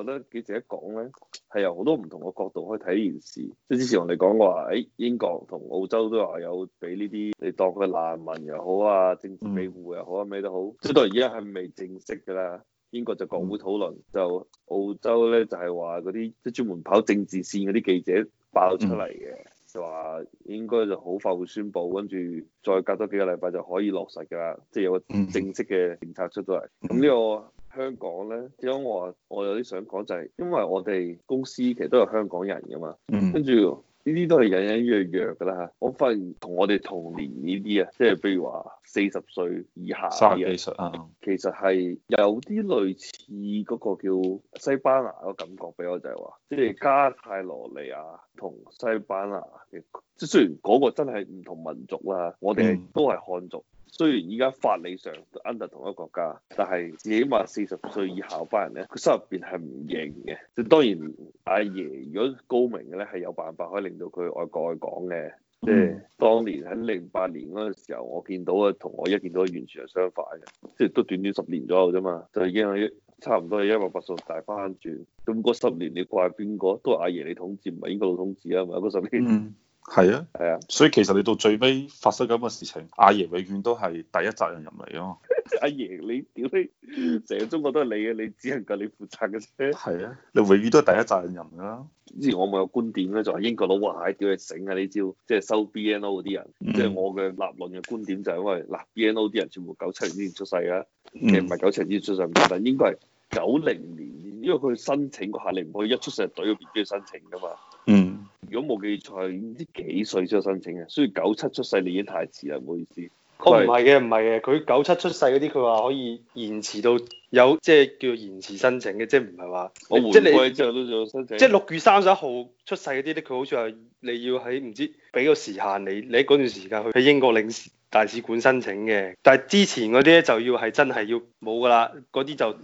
我覺得記者一講咧，係由好多唔同嘅角度可以睇呢件事。即係之前我哋講過話，誒英國同澳洲都話有俾呢啲你當佢難民又好啊，政治庇護又好啊咩都好。即到而家係未正式㗎啦。英國就國會討論，就澳洲咧就係話嗰啲即係專門跑政治線嗰啲記者爆出嚟嘅，就話應該就好快會宣布，跟住再隔多幾個禮拜就可以落實㗎啦，即係有個正式嘅政策出咗嚟。咁呢個。香港咧，點解我話我有啲想講就係因為我哋公司其實都係香港人噶嘛，跟住呢啲都係隱隱約約噶啦嚇。我發現同我哋同年呢啲啊，即係譬如話四十歲以下嘅人，三十幾歲啊，嗯、其實係有啲類似嗰個叫西班牙嘅感覺俾我就，就係話即係加泰羅尼亞同西班牙，嘅。即雖然嗰個真係唔同民族啦，我哋、嗯、都係漢族。雖然依家法理上 under 同一個國家，但係起碼四十歲以下班人咧，佢心入邊係唔認嘅。即係當然，阿爺如果高明嘅咧，係有辦法可以令到佢愛國愛港嘅。即係當年喺零八年嗰陣時候，我見到啊，同我一見到完全係相反嘅。即係都短短十年左右啫嘛，就已經係差唔多係一百八十度大翻轉。咁嗰十年你怪邊個？都係阿爺你統治唔係英國老統治啊嘛？嗰十年。係啊，係啊，所以其實你到最尾發生咁嘅事情，阿爺永遠都係第一責任人嚟啊！ 阿爺，你屌你，成中國都係你嘅，你只能夠你負責嘅啫、啊。係啊，你永遠都係第一責任人噶、啊、啦。之前我咪有觀點咧、啊，就係英國佬壞，屌你醒啊！呢招即係收 BNO 嗰啲人，即係、嗯、我嘅立論嘅觀點就係因為嗱，BNO 啲人全部九七年之前出世噶、啊，其實唔係九七年之前出世唔得，嗯、但應該係九零年，因為佢申請個年齡唔可以一出世就懟嗰邊邊去申請噶嘛。嗯。如果冇記錯，唔知幾歲先有申請嘅，所以九七出世你已經太遲啦，唔好意思。我唔係嘅，唔係嘅，佢九七出世嗰啲，佢話可以延遲到有即係叫延遲申請嘅，即係唔係話我回歸之後都仲有申請。即係六月三十一號出世嗰啲咧，佢好似話你要喺唔知俾個時限你，你喺嗰段時間去英國領事大使館申請嘅。但係之前嗰啲咧就要係真係要冇噶啦，嗰啲就。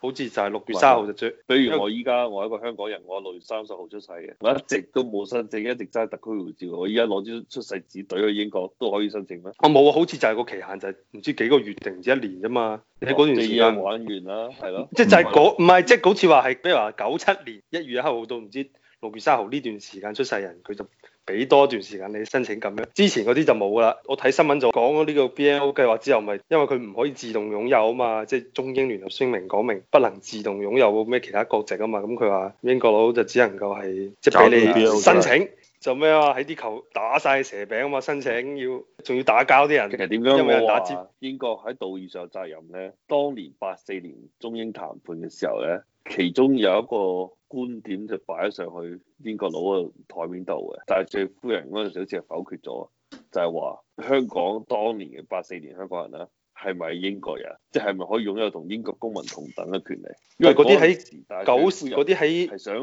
好似就係六月三號就最。比如我依家我一個香港人，我六月三十號出世嘅，我一直都冇申請，一直揸特區護照，我依家攞張出世紙對去英國都可以申請咩？我冇啊，好似就係個期限就係、是、唔知幾個月定唔知一年啫嘛，你嗰段時間玩完啦，係咯，即係就係嗰唔係即係好似話係，比如話九七年一月一號到唔知六月三號呢段時間出世人，佢就。俾多段時間你申請咁樣，之前嗰啲就冇啦。我睇新聞就講咗呢個 BNO 計劃之後，咪因為佢唔可以自動擁有啊嘛，即係中英聯合聲明講明不能自動擁有咩其他國籍啊嘛。咁佢話英國佬就只能夠係即係俾你申請，就咩啊？喺啲球打晒蛇餅啊嘛，申請要仲要打交啲人。其實點樣因為打英國喺道義上有責任咧。當年八四年中英談判嘅時候咧。其中有一個觀點就擺咗上去英國佬嘅台面度嘅，但係最夫人嗰陣時好似係否決咗，就係話香港當年嘅八四年香港人咧，係咪英國人？即係咪可以擁有同英國公民同等嘅權利？因為嗰啲喺九時嗰啲喺係想，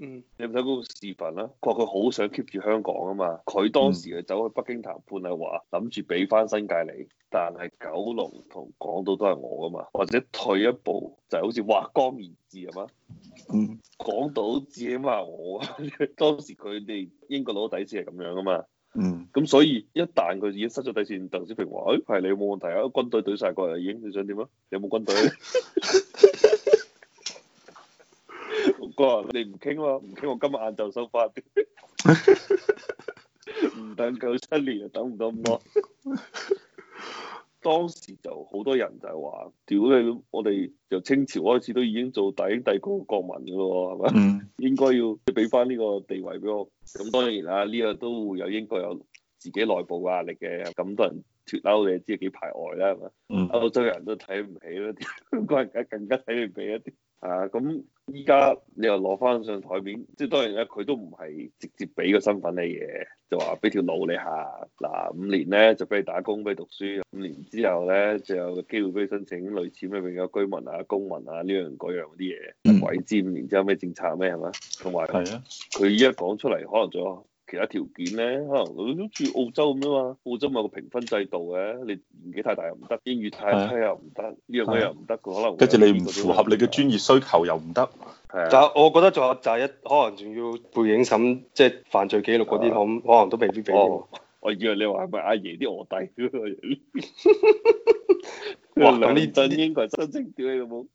嗯你想、啊，你唔睇嗰個視頻啦，佢話佢好想 keep 住香港啊嘛，佢當時係走去北京談判係話諗住俾翻新界你，但係九龍同港島都係我噶嘛，或者退一步。就係好似畫江而至係、嗯、嘛？講到字起碼我當時佢哋英國佬底線係咁樣㗎嘛？嗯。咁所以一旦佢已經失咗底線，鄧小平話：誒、哎、係你冇問題啊，軍隊隊晒過嚟已經，你想點啊？有冇軍隊？哥， 你唔傾咯，唔傾我今日晏晝收翻唔 等九七年又等唔到咁多。 當時就好多人就話：屌你！我哋由清朝開始都已經做大英帝國民嘅喎，係嘛？Mm. 應該要俾翻呢個地位俾我。咁當然啦，呢、這個都會有英國有自己內部壓力嘅。咁多人脫嬲，你知幾排外啦？係嘛？歐、mm. 洲人都睇唔起咯，點解？更加更加睇唔起一啲。啊，咁依家你又攞翻上台面，即係當然咧，佢都唔係直接俾個身份你嘅嘢，就話俾條路你下。嗱、啊，五年咧就俾你打工，俾你讀書，五年之後咧就有個機會俾你申請類似咩永久居民啊、公民啊呢樣嗰樣啲嘢。鬼知五年之後咩政策咩係嘛？同埋，佢依家講出嚟可能仲有。其他條件咧，可能都住澳洲咁啊嘛，澳洲咪有個評分制度嘅，你年紀太大又唔得，英語太差又唔得，呢樣嘢又唔得，可能跟住你唔符合你嘅專業需求又唔得。但係我覺得仲有就係一可能仲要背景審，即係犯罪記錄嗰啲，可可能都未必俾。哦，我以為你話係咪阿爺啲臥底？哇，梁振英佢申請屌你老母！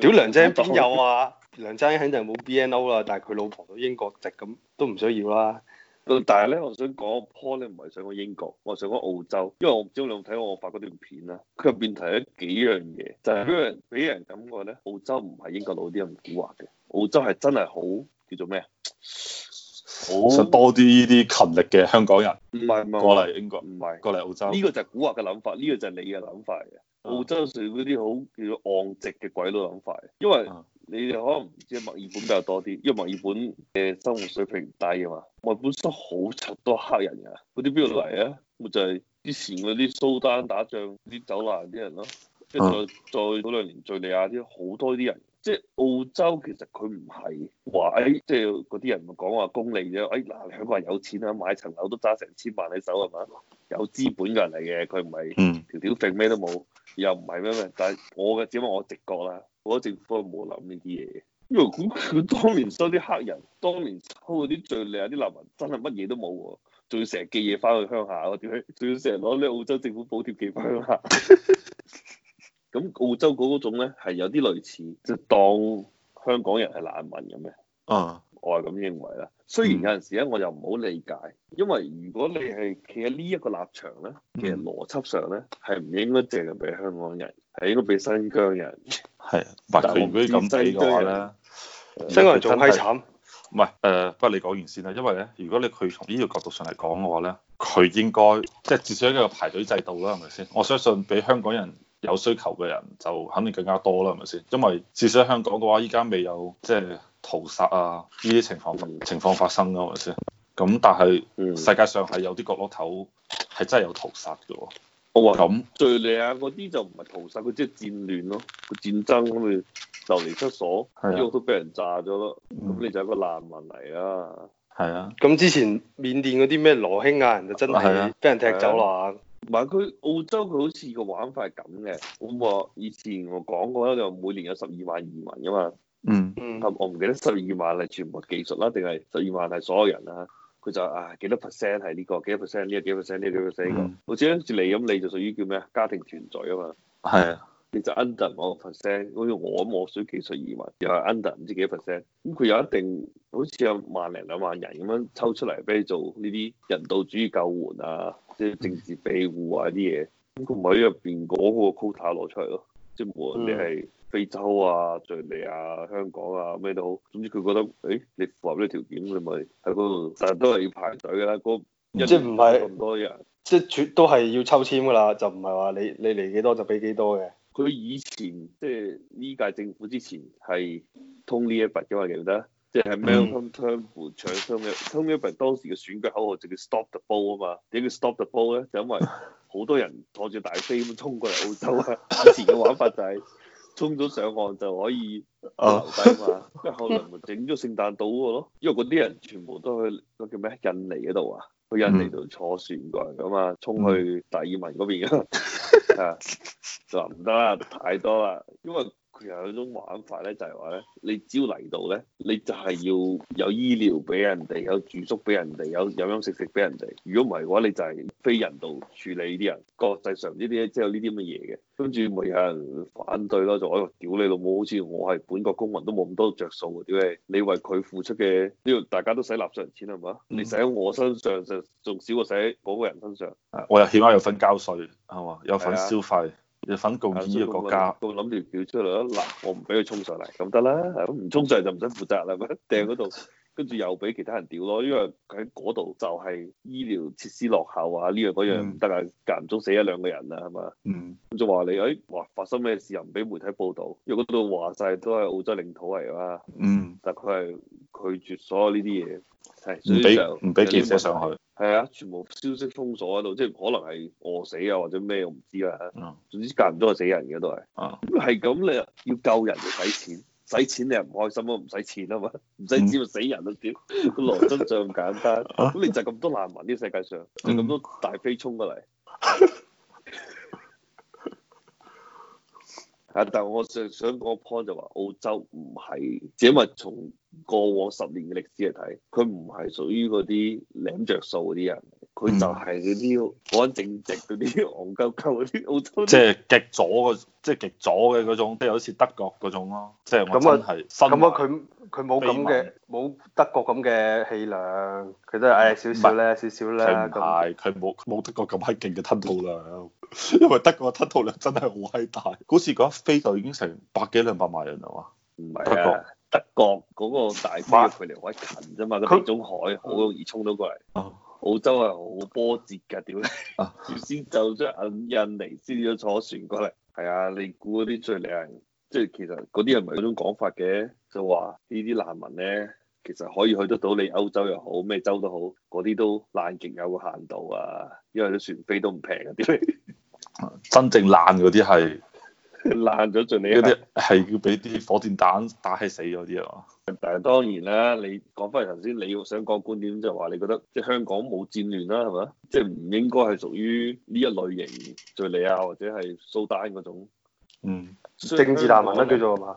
屌梁振英點有啊？梁振英肯定冇 BNO 啦，但係佢老婆都英國籍咁都唔需要啦。但係咧，我想講 Paul 咧，唔係想講英國，我係想講澳洲，因為我唔知你有冇睇我，我發嗰段片啦。佢入邊提咗幾樣嘢，就係、是、俾人俾人感覺咧，澳洲唔係英國佬啲咁蠱惑嘅，澳洲係真係好叫做咩啊？想多啲呢啲勤力嘅香港人唔係唔係過嚟英國，唔係過嚟是澳洲。呢個就係蠱惑嘅諗法，呢、這個就係你嘅諗法嘅。啊、澳洲算嗰啲好叫做戇直嘅鬼佬諗法嘅，因為。啊你哋可能唔知墨爾本比較多啲，因為墨爾本嘅生活水平低啊嘛。墨爾本都好柒多黑人㗎，嗰啲邊度嚟啊？就係、咪、之前嗰啲蘇丹打仗啲走難啲人咯，即係、嗯、再再嗰兩年敍利亞啲好多啲人，即係澳洲其實佢唔係話誒，即係嗰啲人咪講話功利啫。誒、哎、嗱，香港人有錢啊，買層樓都揸成千萬喺手係嘛，有資本嘅人嚟嘅，佢唔係條條揈咩都冇，又唔係咩咩，但係我嘅只不過我直覺啦。我覺得政府冇諗呢啲嘢，因為佢佢當年收啲黑人，當年收嗰啲最靚啲難民真，真係乜嘢都冇喎，仲要成日寄嘢翻去鄉下，仲要成日攞啲澳洲政府補貼寄翻鄉下。咁 澳洲嗰種咧係有啲類似，就當香港人係難民咁嘅。啊，uh. 我係咁認為啦。雖然有陣時咧，我又唔好理解，mm. 因為如果你係企喺呢一個立場咧，其實邏輯上咧係唔應該淨係俾香港人，係應該俾新疆人。係，但係是如果咁睇嘅話咧，香港人仲係慘。唔係是，誒、呃，不過你講完先啦。因為咧，如果你佢從呢個角度上嚟講嘅話咧，佢應該即係、就是、至少一個排隊制度啦，係咪先？我相信比香港人有需求嘅人就肯定更加多啦，係咪先？因為至少喺香港嘅話，依家未有即係屠殺啊呢啲情況情況發生啊，係咪先？咁但係世界上係有啲角落頭係真係有屠殺嘅喎。我話咁，敍利亞嗰啲就唔係屠殺，佢即係戰亂咯，個戰爭咁你流離失所，啲屋的都俾人炸咗咯，咁你、嗯、就一個難民嚟啊。係啊的，咁之前緬甸嗰啲咩羅興亞、啊、人就真係俾人踢走啦。唔係佢澳洲佢好似個玩法係咁嘅，咁我以前我講過咧，就每年有十二萬移民噶嘛。嗯嗯。我唔記得十二萬係全部技術啦，定係十二萬係所有人啦。佢就啊幾多 percent 係呢個幾多 percent 呢？一幾 percent 呢？幾 percent 呢個？好似跟住你咁你就屬於叫咩啊？家庭團聚啊嘛，係啊，你就 under 我個 percent，好似我咁，我屬於技術移民又 under 唔知幾多 percent，咁佢有一定好似有萬零兩萬人咁樣抽出嚟俾你做呢啲人道主義救援啊，即係政治庇護啊啲嘢，咁佢唔係喺入邊嗰個 quota 攞出嚟咯，即係冇人哋係。嗯嗯。非洲啊、敍利亞、香港啊，咩都好，總之佢覺得，誒、欸，你符合咩條件，你咪喺嗰度，但都係要排隊嘅啦。嗰即唔係咁多人，即全、就是、都係要抽籤噶啦，就唔係話你你嚟幾多就俾幾多嘅。佢以前即係呢屆政府之前係通呢一筆嘅嘛，記唔記得？即係 Malcolm Turnbull 搶通嘅，Turnbull 當時嘅選舉口號就叫 Stop the Ball 啊嘛。點叫 Stop the Ball 咧？就是、因為好多人坐住大飛咁衝過嚟澳洲啊。以前嘅玩法就係、是。衝咗上岸就可以留低嘛，跟住後嚟咪整咗聖誕島個咯，因為嗰啲人全部都去嗰叫咩印尼嗰度啊，去印尼度坐船過嚟噶嘛，衝去達爾文嗰邊、mm hmm. 啊，就唔得啦，太多啦，因為。佢有種玩法咧，就係話咧，你只要嚟到咧，你就係要有醫療俾人哋，有住宿俾人哋，有飲飲食食俾人哋。如果唔係嘅話，你就係非人道處理呢啲人。國際上呢啲即係呢啲咁嘅嘢嘅，跟住咪有人反對咯。就喺度屌你老母，好似我係本國公民都冇咁多着數嘅，屌你，點解你為佢付出嘅呢個大家都使納稅人錢係嘛？嗯、你使喺我身上就仲少過使喺嗰個人身上。我又起碼有份交稅，係嘛？有份消費。你反共主義國家，咁諗住表出嚟咯嗱，我唔俾佢衝上嚟咁得啦，咁唔、啊、衝上嚟就唔使負責啦，咁掟嗰度， 跟住又俾其他人屌咯，因為佢喺嗰度就係醫療設施落後啊，呢樣嗰樣唔得啊，間唔、嗯、中死一兩個人啊，係嘛？咁就話你誒，哇發生咩事又唔俾媒體報導，如果嗰度話晒都係澳洲領土嚟啦，嗯、但佢係拒絕所有呢啲嘢。係唔俾唔俾記者上去？係啊，全部消息封鎖喺度，即係可能係餓死啊，或者咩我唔知啦嚇、啊。總之隔唔多個死人嘅都係。啊。咁係咁，你又要救人要使錢，使錢你又唔開心啊，唔使錢啊嘛，唔使錢咪死人咯、啊，屌個邏輯就咁簡單。咁、啊、你就咁多難民呢世界上，就咁、是、多大飛衝過嚟。嗯 啊！但我想想講個 point 就話澳洲唔係，只因為從過往十年嘅歷史嚟睇，佢唔係屬於嗰啲領着數啲人。佢就係嗰啲講正直嗰啲憨鳩鳩嗰啲澳洲人，即係極左個，即係極左嘅嗰種，即係好似德國嗰種咯。即係我真咁啊佢佢冇咁嘅，冇德國咁嘅氣量。佢都係唉少少咧，少少咧咁。佢唔係，佢冇冇德國咁閪勁嘅吞吐量，因為德國吞吐量真係好閪大，好似嗰一飛就已經成百幾兩百萬人啦嘛。唔係啊，德國嗰個大區距離好近啫嘛，佢地中海好容易衝到過嚟。澳洲係好波折㗎，屌你！啊、 先走咗印印尼，先再坐船過嚟。係、哎、啊，你估嗰啲最叻即係其實嗰啲人唔係嗰種講法嘅，就話呢啲難民咧，其實可以去得到你歐洲又好，咩洲都好，嗰啲都爛極有限度啊，因為啲船飛都唔平啊，屌你！真正爛嗰啲係。爛咗敘利亞嗰啲係要俾啲火箭彈打係死咗啲啊嘛，但係當然啦，你講翻嚟頭先你要想講觀點就話你覺得即係香港冇戰亂啦係咪啊？即係唔應該係屬於呢一類型敘利亞啊，或者係蘇丹嗰種，嗯，政治大混亂叫做係嘛？